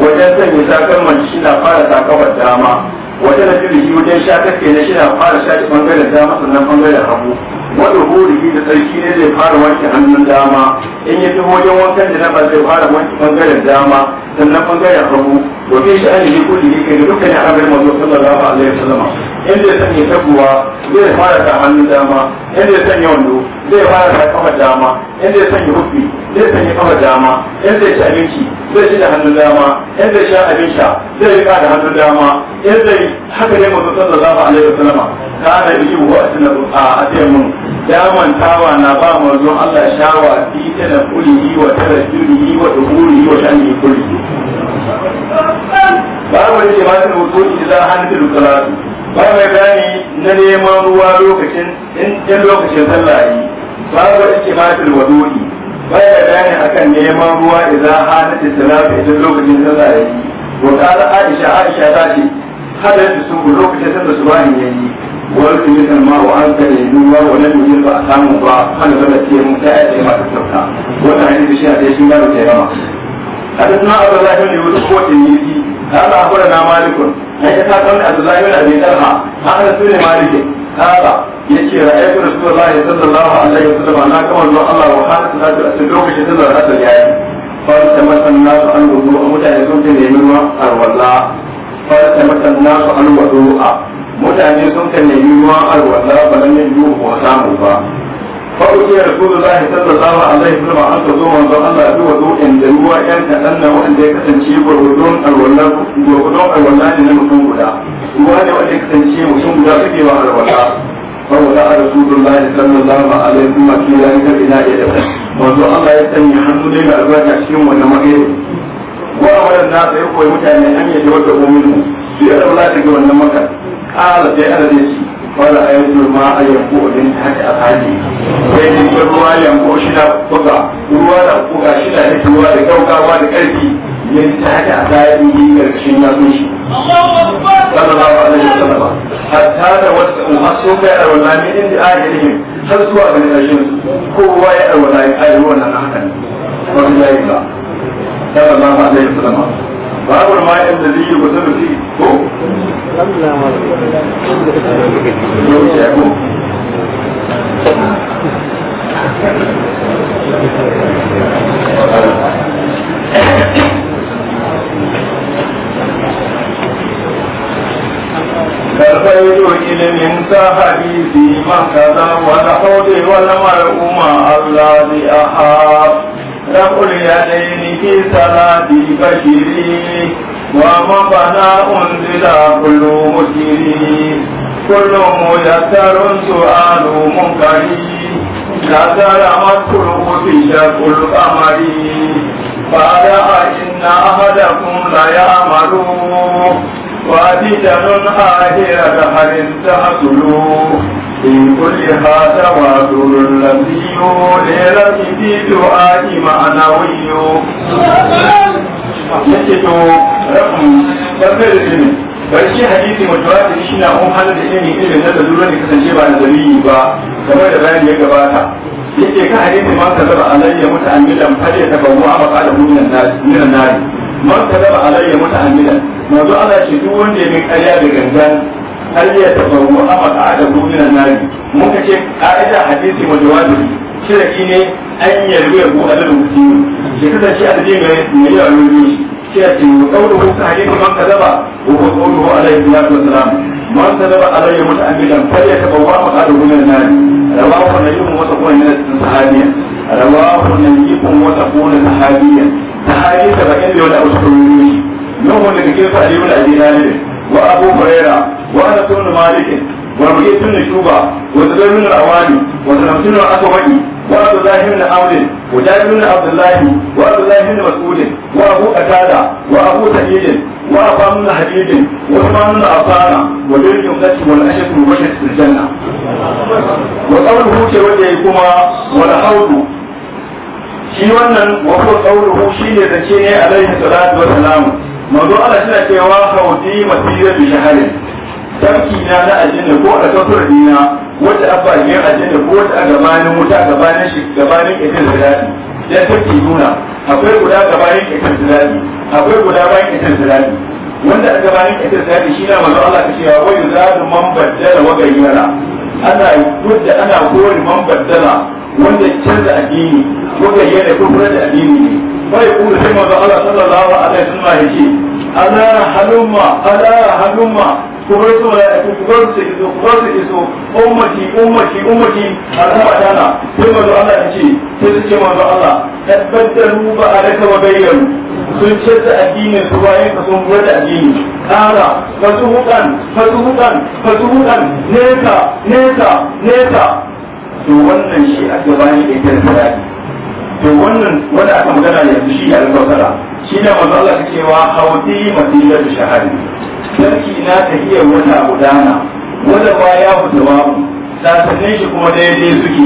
wajen sanya takalman shi na fara takawar dama wajen da shi wajen sha take na shi na fara sha bangaren dama sannan bangaren hagu wani hurihi da tsarki ne zai fara wanke hannun dama in yi taho wajen wankan da nafa zai fara wanke bangaren dama sannan bangaren hagu domin shi an yi kudi ne kai dukkan ya abin mazo sallallahu alaihi sallama. in zai sanya taguwa zai fara ta hannun dama in zai sanya wando zai fara ta kafa dama in zai sanya hufi zai sanya kafa dama in zai ci abinci zai ci da hannun dama in zai sha abin sha zai rika da hannun dama in zai haka ne mazo sallallahu alaihi wasallam da yi wa a cikin a mun tawa na ba manzon Allah shawa fi tana kulihi wa tana julihi wa duburihi wa shani kulihi babu da ke ba ta rubutu da za a hannu da rukalatu ba mai gani na neman ruwa lokacin in lokacin sallah yi babu da ke ba ta rubutu ba ya gani akan neman ruwa idan hannu da salatu idan lokacin sallah yi wa kala aisha aisha ta ce hadarin su sun lokacin sallah su ba ni yayi wani ne kan ma wa an ta ne duwa wani ne a samu ba hana ba da mun ta ya ce masu kyauta wata hanyar da shi a ta yi shiga da kyau a duk na abu kowace ne yi ta ba kura na malikun na ta kwanne a su zai yana bai dalha a malikin ta ba ya ce ra'ayyar da su ba ya san da lawa Allah ya tsada ba na kawai zuwa Allah wa haka ta ta su lokacin da zara ta yayi fara ta masan nasu an gudu a mutane sun fi neman ruwa a rawar la fara ta masan nasu an gudu a mutane sun kan nemi ruwan alwala ba nan yin yiwu ba samu ba farko ya rasulu lahi sallallahu alaihi wa sallam an tazo manzon Allah bi wato inda ruwa yan kadan na wanda ya kasance gurgudun alwala gurgudun alwala ne na mutum guda ruwa ne wanda ya kasance mutum guda suke wa alwala saboda a rasulullahi sallallahu alaihi wa sallam kila ya ina ya da manzo Allah ya sanya hannu daga albarka cikin wannan magana wa wannan na sai koyi mutane an yi ala ya ala ne ci wala ayi durma a yanko ne ta haka a kaji sai ni ko ruwa yanko shi da kuka ruwa da kuka shi da yake ruwa da kauka ba da karfi ne ta haka a kaji ne ga shi na mun shi sallallahu alaihi wasallam hatta da wata umasu kai a wannan ne inda ayyuhin har zuwa ga nashin ko ruwa ya a wannan ayyuhin wannan haka ne wannan yayin da sallallahu alaihi wasallam babu ma yan da zai ba sanu fi ko karfai doki da min sahabi zima kaza wani haude wani mara umar allah ne a haɗu رفع اليدين في صلاة بشري ومبنى أنزل كل مسير كل ميسر سؤال منكر نزل مكروه في شك القمر قال إن أحدكم ليعمل وابدا آخر دهر تحصل في كل هذا الذي ليلة في دعاء معنوي yake to rabin tabbar ilimi barci hadisi mutuwati shi na un hana da ilimin ilimin na lalura da kasance ba da dalili ba game da bayan ya gabata yake ka hadisi ma ka zaba alayya muta'ammilan ba tabawwa a maqala minan nari man ka zaba alayya muta'ammilan manzo Allah shi duk wanda ya bi ƙarya da gangan har ya tabawu a maka'ada gudunan nari muka ce ka'ida hadisi wa jawabi shirki ne an yarwe ko alal mutum shi kasance addini mai yawa ne shi ya ce kawo da hadisi man kadaba ko kawo alaihi salatu wassalam man kadaba alaihi muta'ammidan fa ya tabawu a maka'ada gudunan nari rawahu nayyun wa taqwa min as-sahabiya rawahu nayyun wa taqwa min as-sahabiya sahabi 70 da wani abu su ne mun wanda kike fa ayyul ajinani وأبو هريرة وأنس بن مالك وربيع بن شوبة وزبير بن العواني وسلمة بن الأكوعي وعبد الله بن عمرو وجابر بن عبد الله وعبد الله بن مسعود وأبو قتادة وأبو سعيد وأبان بن حديد وعثمان بن عفان وجل جملته والأشرف المبشر في الجنة وقوله كوجهكما ولحوله shi wannan wa qawluhu shine zace ne alaihi salatu wa salam manzo Allah suna cewa hauti masira bi shahari tarki na na ajinna ko a kafar dina wanda abba ne ko wata a gabanin wuta gabanin shi gabanin ikin zirani ya tarki nuna akwai guda gabanin ikin zirani akwai guda bayan ikin zirani wanda a gabanin ikin zirani shi na manzo Allah ka cewa wa yuzadu man baddala wa gayyara ana gudda ana kori man baddala wanda canza addini ko gayyara ko kura da addini ne bai kuma sai da Allah sallallahu alaihi wasallam ya ce ala halumma ala halumma ku bar su mala'iku ku bar su iso ku bar su iso ummati ummati ummati al'umma dana sai ma da Allah yake sai su ce ma da Allah tabbataru ba alaka wa bayyaru sun ce da addinin su bayan ka sun gwada addini kara fasu hudan fasu hudan fasu hudan neka neka neka to wannan shi a gaban idan da to wannan wanda aka magana yanzu shi ya alkautara shi ne manzo Allah cewa haudi da shahari sarki na tahiyar wata gudana wanda ba ya fita babu sasannin shi kuma je suke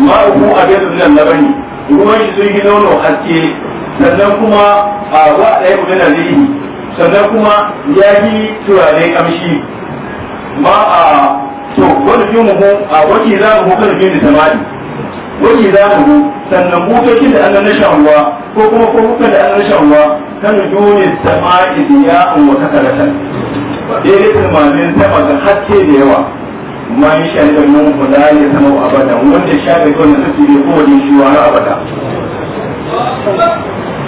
ma uku a abin nan labari ruwan shi sun yi nono haske sannan kuma a wa ɗaya na zai sannan kuma ya yi turare kamshi ma a to wani muhu a wani za mu hukar da samari wani zamu sannan butokin da Allah na shanwa ko kuma kofukan da Allah na shanwa kan dole sama'i diya'un wa kakaratan daidai tunanin sama da haske da yawa ma yi shari da mun huda ya sama abada wanda shari kawai na tafi ko kowane shi wani abada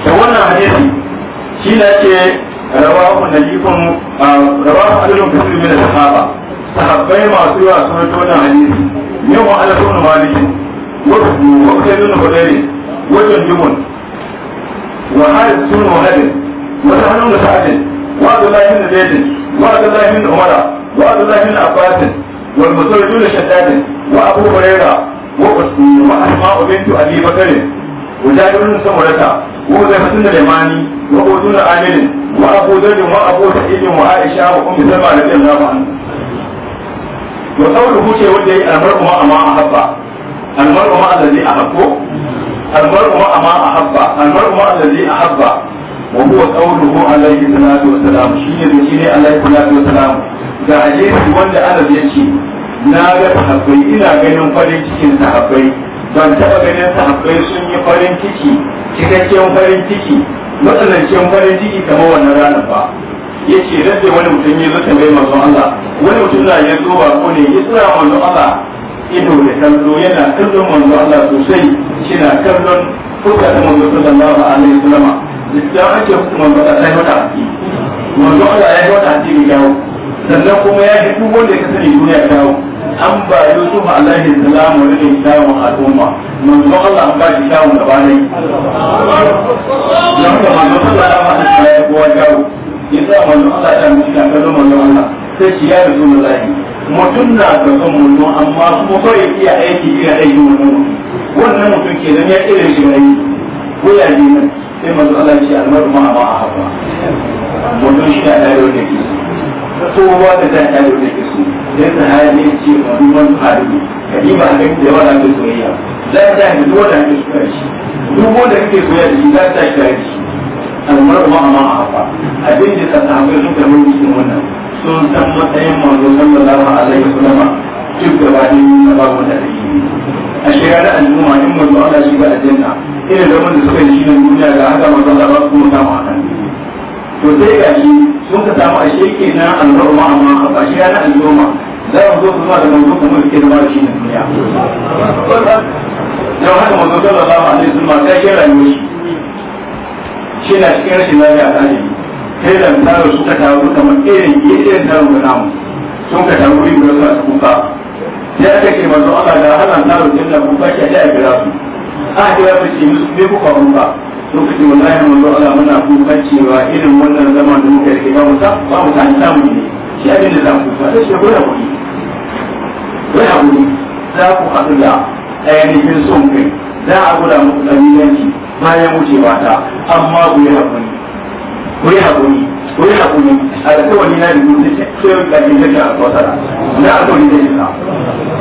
da wannan hadisi shi na ce rawahu najifun rawahu adadun kasir min sahaba sahabbai masu yawa sun rato wannan hadisi yawan alasun malikin wakilin wajen wajen jimun wa hajji sun muhajji wata hannun da sa'adin wa da lahin da zaitin wa da lahin da umara wa da lahin da abbasin wa mutum da shaddadin wa abu hurera wa wasu ma'asma obintu ali bakare wajen yin samurata wa da hatun da lemani wa hoto da aminin wa abu zari wa abu da idin wa aisha wa kuma sama da zai zama hannu. Wasau da huce wanda ya yi albarkuma a ma'a المرء مع الذي أحبه المرء مع ما المرء مع الذي وهو قوله عليه الصلاة والسلام شيء عليه الصلاة والسلام da wanda Anas ya ce na ga ina ganin farin cikin sahabbai ban taɓa ganin sun yi farin ciki farin ciki matsanancin farin kamar wannan ranar ba ya ce rage wani mutum ya zo tambayi mazan Allah wani mutum na ya zo ba ko ne ya tsira Allah ido da kallo yana kallon manzo Allah sosai shina kallon kuka da manzo a alaihi wasallam da ake hukuma ba Allah sai wata aki manzo Allah ya wata aki ga yawo sannan kuma ya yi duk wanda ya sani duniya yawo an ba Yusuf alaihi salam wani ne shawon al'umma manzo Allah an ba shi shawon da bane don da manzo sallallahu alaihi wasallam ya kowa yawo yasa manzo Allah ya mutu kan kallon manzo Allah sai shi ya rasu wallahi mutum na da son mulmu amma kuma bai iya aiki iya aiki mulmu wannan mutum ke nan ya irin shi bai ko ya ji nan sai manzo Allah ce almaru ma ba a hawa mutum shi ya dawo da ke so ba da ta dawo da ke so dan da haya ne ce mutum man hadu kadima da ke da wannan soyayya za ta yi duk wanda ke so shi duk ke so ya za ta yi almaru ma ma a hawa abin da ta samu wannan sun san matsayin manzo sallallahu alaihi wasallam duk da ba ni na ba mu da shi a shekara al'umma in manzo Allah shi ga aljanna irin da wanda suka yi shi duniya ga haka manzo Allah ba ku ta akan to sai ga shi sun ka samu ashe kenan al'umma amma a shekara al'umma za mu zo kuma da manzo kuma yake da shi na duniya don haka manzo sallallahu alaihi wasallam sai ya rayuwa shi shi na cikin rashin lafiya a tsarin sai da misalin suka taru kamar irin irin tarin da namu sun ka taru wuri guda suna kuka sai aka ce manzo ala da halan taru din da kuka ke da gira su a kira su ce musu me kuka kuka sun ka ce wallahi manzo ala muna kuka cewa irin wannan zaman da muka rike ba mu ta ba mu ta samu ne shi abin da za ku kuka sai shi gura kuɗi wai abu za ku haɗu da ainihin son kai za a gura muku ɗabi'anci bayan wucewa ta amma ku yi haƙuri wai haƙuri wai haƙuri a da kowane da gudu da ke yau da ke a na a kawai zai isa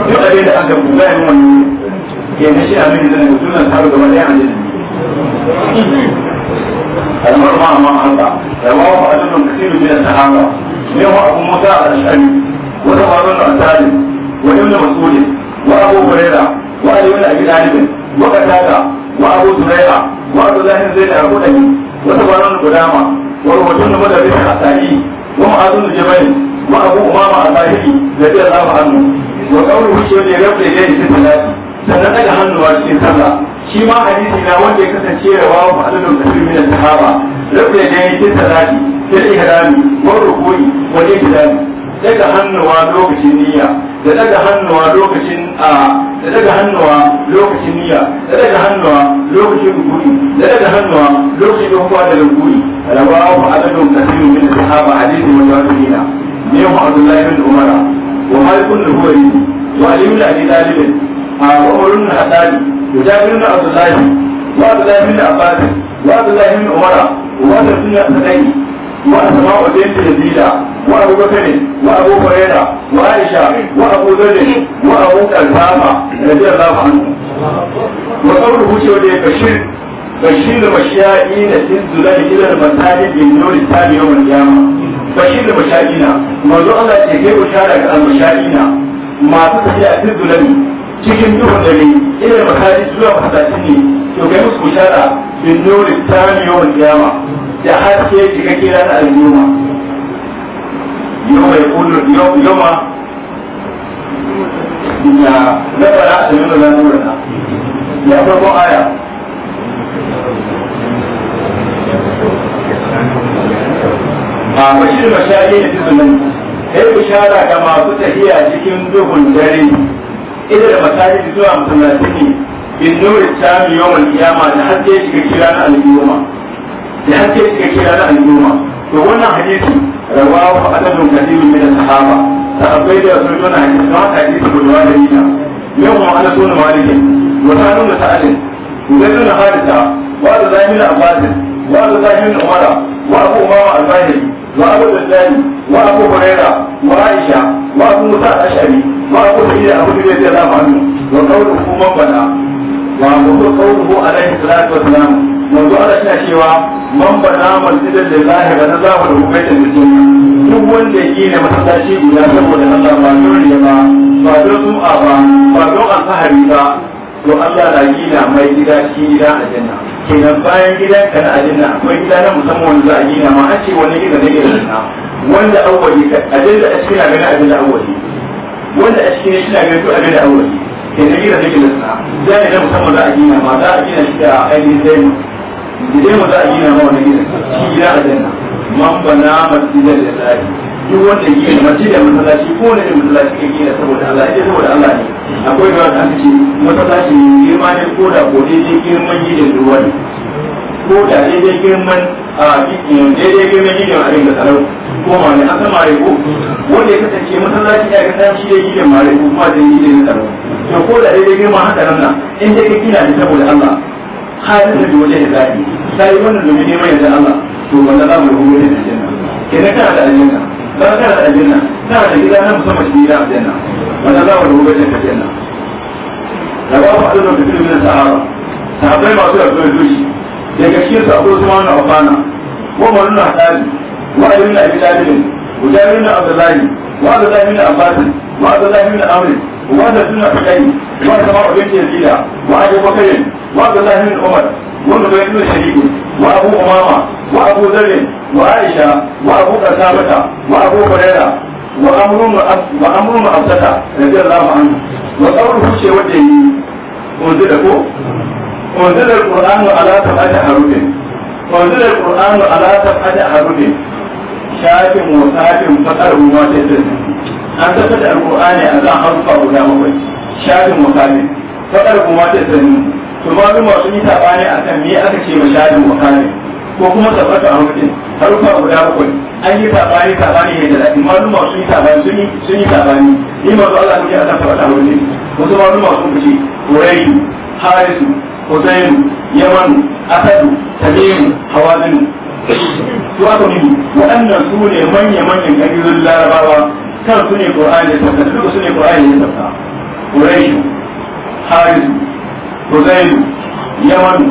duk abin da aka buga yin wani ya na shi abin da zai na taro gaba ɗaya a jirgin kalmar ma amma da ma wa kasiru ne da sahaba ne wa abu wa abu wa wa wa abu zuraira wa والوجن مدرس الأسائي ومعاذ بن جبل وأبو أمامة الأسائي رضي الله عنه وقوله شيخ يرفع إليه في الصلاة sannan daga hannuwa cikin sallah shi ma hadisi na wanda ya kasance rawa wa adadin kafir min sahaba rabu da yayin cikin salati sai wa daga hannuwa lokacin niyya da daga hannuwa lokacin a da daga hannuwa lokacin niyya da daga hannuwa lokacin guri da daga hannuwa lokacin kuwa da guri adadun min sahaba hadithu wa jawabina ne mu abdullahi bin umara wa malikun nuhuri wa alimul abi talib wa umrun wa jabir bin abdullahi wa abdullahi bin abbas wa abdullahi bin umara wa وأسماء بنت يزيد وأبو بكر وأبو هريرة وعائشة وأبو ذر وأبو قلابة رضي الله عنه وقوله شيء بشير بشير المشائين تنزل إلى المساجد من نور الثاني يوم القيامة بشير المشائين منذ الله تكي بشارة المشائين ما تستطيع تنزل cikin duhun dare irin makari zuwa masasini to kai musu bishara bin nuri ta yawon kiyama da haske shiga kira na aljuma yau mai kullum yau yoma ya nabara a yau da nuna ya farko aya a bashir mashayi da tizunan kai bishara ga masu tafiya cikin duhun dare ita da masajid zuwa masallaci ne bin nuri sami yawan kiyama da haske shiga kira na aljuma da haske suka kira da al'umma to wannan hadisi rawahu adadun kathirun min as-sahaba sahabbai da sun nuna hadisi don ta hadisi ko da wani na yau mu ala sunan malikin wa sanu da sa'alin zai nuna hadisa wa da zamin abbas wa da zamin umara wa abu umama al-bahiri wa abu dallani wa abu huraira wa aisha wa abu musa ashari wa abu sayyid abu dawud radiyallahu anhu wa qawluhu man bana wa abu qawluhu alayhi salatu wa salam manzo Allah yana cewa man bana masjidan ba na nazama da hukaita da sunna duk wanda yake ne masallaci guda saboda Allah ba don riya ba ba don sum'a ba ba don alfahari ba to Allah na gina mai gida shi gida a janna kenan bayan gidan ka na ajinna akwai gida na musamman wanda za a gina ma a ce wani gida na irin na wanda awwali ajinda a cikin abin ajinda awwali wanda a cikin shi na ganin to abin da awwali kenan gida na gidan sa zai na musamman za a gina ma za a gina shi da ainihin zai mutu. gidan wanda a yi na ma wani gina shi gida a janna man bana masjidar da tsari duk wanda gina masjidar masallaci ko wanda ne masallaci kan gina saboda Allah ne saboda Allah ne akwai da wanda aka ce masallaci girma ne ko da ko dai daidai girman gidan ruwa ne ko da dai daidai girman a daidai girman gidan a dinga sarau ko ma ne an san mare ko wanda ya kasance masallaci ya ga san shi da gidan mare ko kuma da gidan sarau to ko da dai daidai girman haka nan in dai kina ne saboda Allah halin da dole ya zaɓi sai wannan domin neman yanzu Allah to wanda za mu rubuta da aljanna kenan kana da aljanna ba kana da aljanna kana da gida na musamman shi da aljanna wanda za mu rubuta da aljanna da ba mu azumar da filmin sahara sahabbai masu yarda da zuci daga cikin su akwai kuma wannan afana ko malun na hadari wa ayyuna abi talibin wa jabirina abdullahi wa abdullahi na abbas wa abdullahi bin amr وهذا سنة الحي وهذا سماع بنت يزيد وأبو بكر وعبد الله بن عمر والزبير بن شريك وأبو أمامة وأبو ذر وعائشة وأبو قسامة وأبو هريرة وأمر بن أبسطة رضي الله عنه وقوله شيء وجهه أنزله أنزل القرآن على سبعة حروف أنزل القرآن على سبعة حروف شاف وصاف فقره ما تسلم an tabbata Alƙur'ani a kan harfa guda bakwai shafin mukamin fadar kuma ta sani to malum masu yi a kan me aka ce ma shafin mukamin ko kuma tabbata a mutum harfa guda bakwai an yi sabani sabani ne da lafi malum masu yi sabani sun yi sun yi sabani ni masu Allah ne akan tabbata a mutum wasu malum masu kuce Quraish Harisu Husainu Yamanu Asadu Tamimu Hawazinu to aka nuni waɗannan su ne manya-manyan ƙabilun larabawa kan su ne qur'ani da sunna duk su ne qur'ani da sunna quraish haris huzailu yaman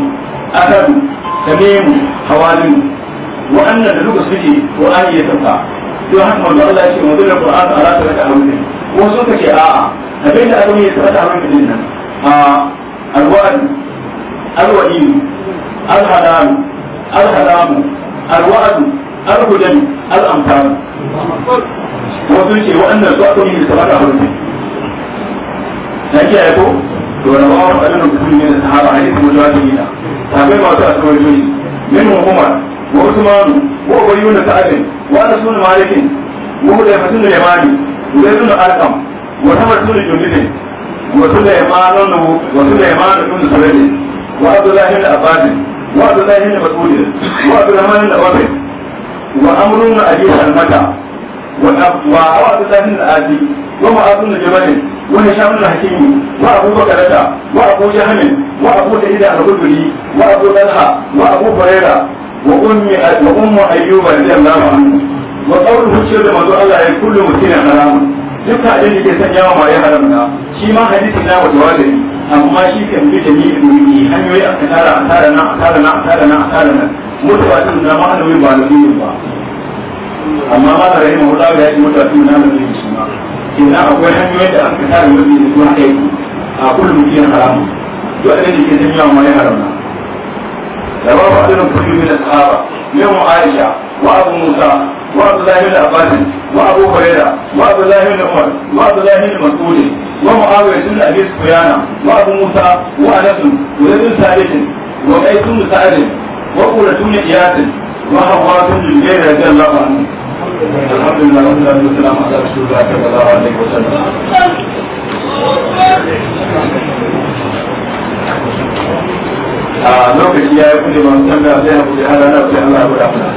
asad tamim hawazin wa'annan da duka suke qur'ani ya sunna don haka manzo Allah ya ce mu dole qur'ani ala ta da aure ko sun kace a'a abin da aure ya tabbata a hankali nan a alwa'd alwa'id alhadan alhadamu alwa'd alhudan al'amfani sun ce waɗannan su akwai yin da sabata a wurin na ke ko to na bawa waɗannan rukuni ne da sahaba hadisi mu jawabi ne sabai masu asibar jini min hukumar wa usmanu wa ubayyu na sa'adin wa rasul malikin wa hudayfatun limani wa zaidun alqam wa hamatun wa sulaimanun wa da ibn sulaim wa abdullah da abbas wa abdullah ibn mas'ud wa وأمر بن أبي سلمة وعبد الله بن الآتي ومعاذ بن جبل وهشام بن حكيم وأبو بكرة وأبو جهل وأبو سعيد الخدري وأبو طلحة وأبو هريرة وأم وأم أيوب رضي الله عنه وقوله شر من الله كل مسكين حرام duk abin da ke sanya wa maye haramta shi ma hadisi na wa jawabi amma shi kan bi da ni hanyoyi a tara a tara na a tara na a tara na a tara na mota ba ma nuna mahalami ba na ba amma ma da yi wata ga yaki mota ta nuna na biyu shi ma kenan akwai hanyoyin da aka tara mabi da su haka yi a kullum biyan haramu duk da ke jami'a ma ya haramna رواه أحمد كل من الصحابة منهم wa abu موسى وعبد الله بن عباس وأبو هريرة وعبد الله بن عمر وعبد الله بن Kuyana wa abu Musa wa وأبو موسى وأنس وزيد بن wa وقيس بن سعد وقولة بن إياس وحواة بن جبير رضي الله عنه الحمد لله والصلاة والسلام على رسول الله صلى الله عليه وسلم a lokaci ya yi kuje ba mutum da zai haku jihar na wajen Allah ya guda mana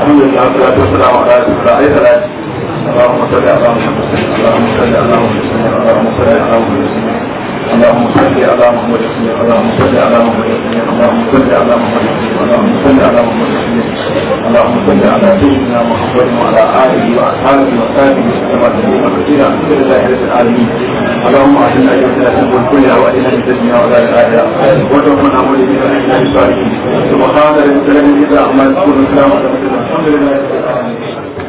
alhamdulillah salatu wassalamu ala rasulillah ayi salati اللهم صل على محمد اللهم صل على محمد اللهم صل على محمد اللهم صل على محمد اللهم صل على محمد اللهم صل على محمد اللهم صل على محمد اللهم صل على سيدنا محمد وعلى اله واصحابه وصحبه وسلم تسليما كثيرا الحمد لله رب العالمين اللهم اعطنا اجرنا في الدنيا واجرنا في الدنيا وعلى الاخره وارحمنا ولدنا اجرنا الصالحين سبحان ربك رب العزه عما يصفون السلام على الحمد لله رب العالمين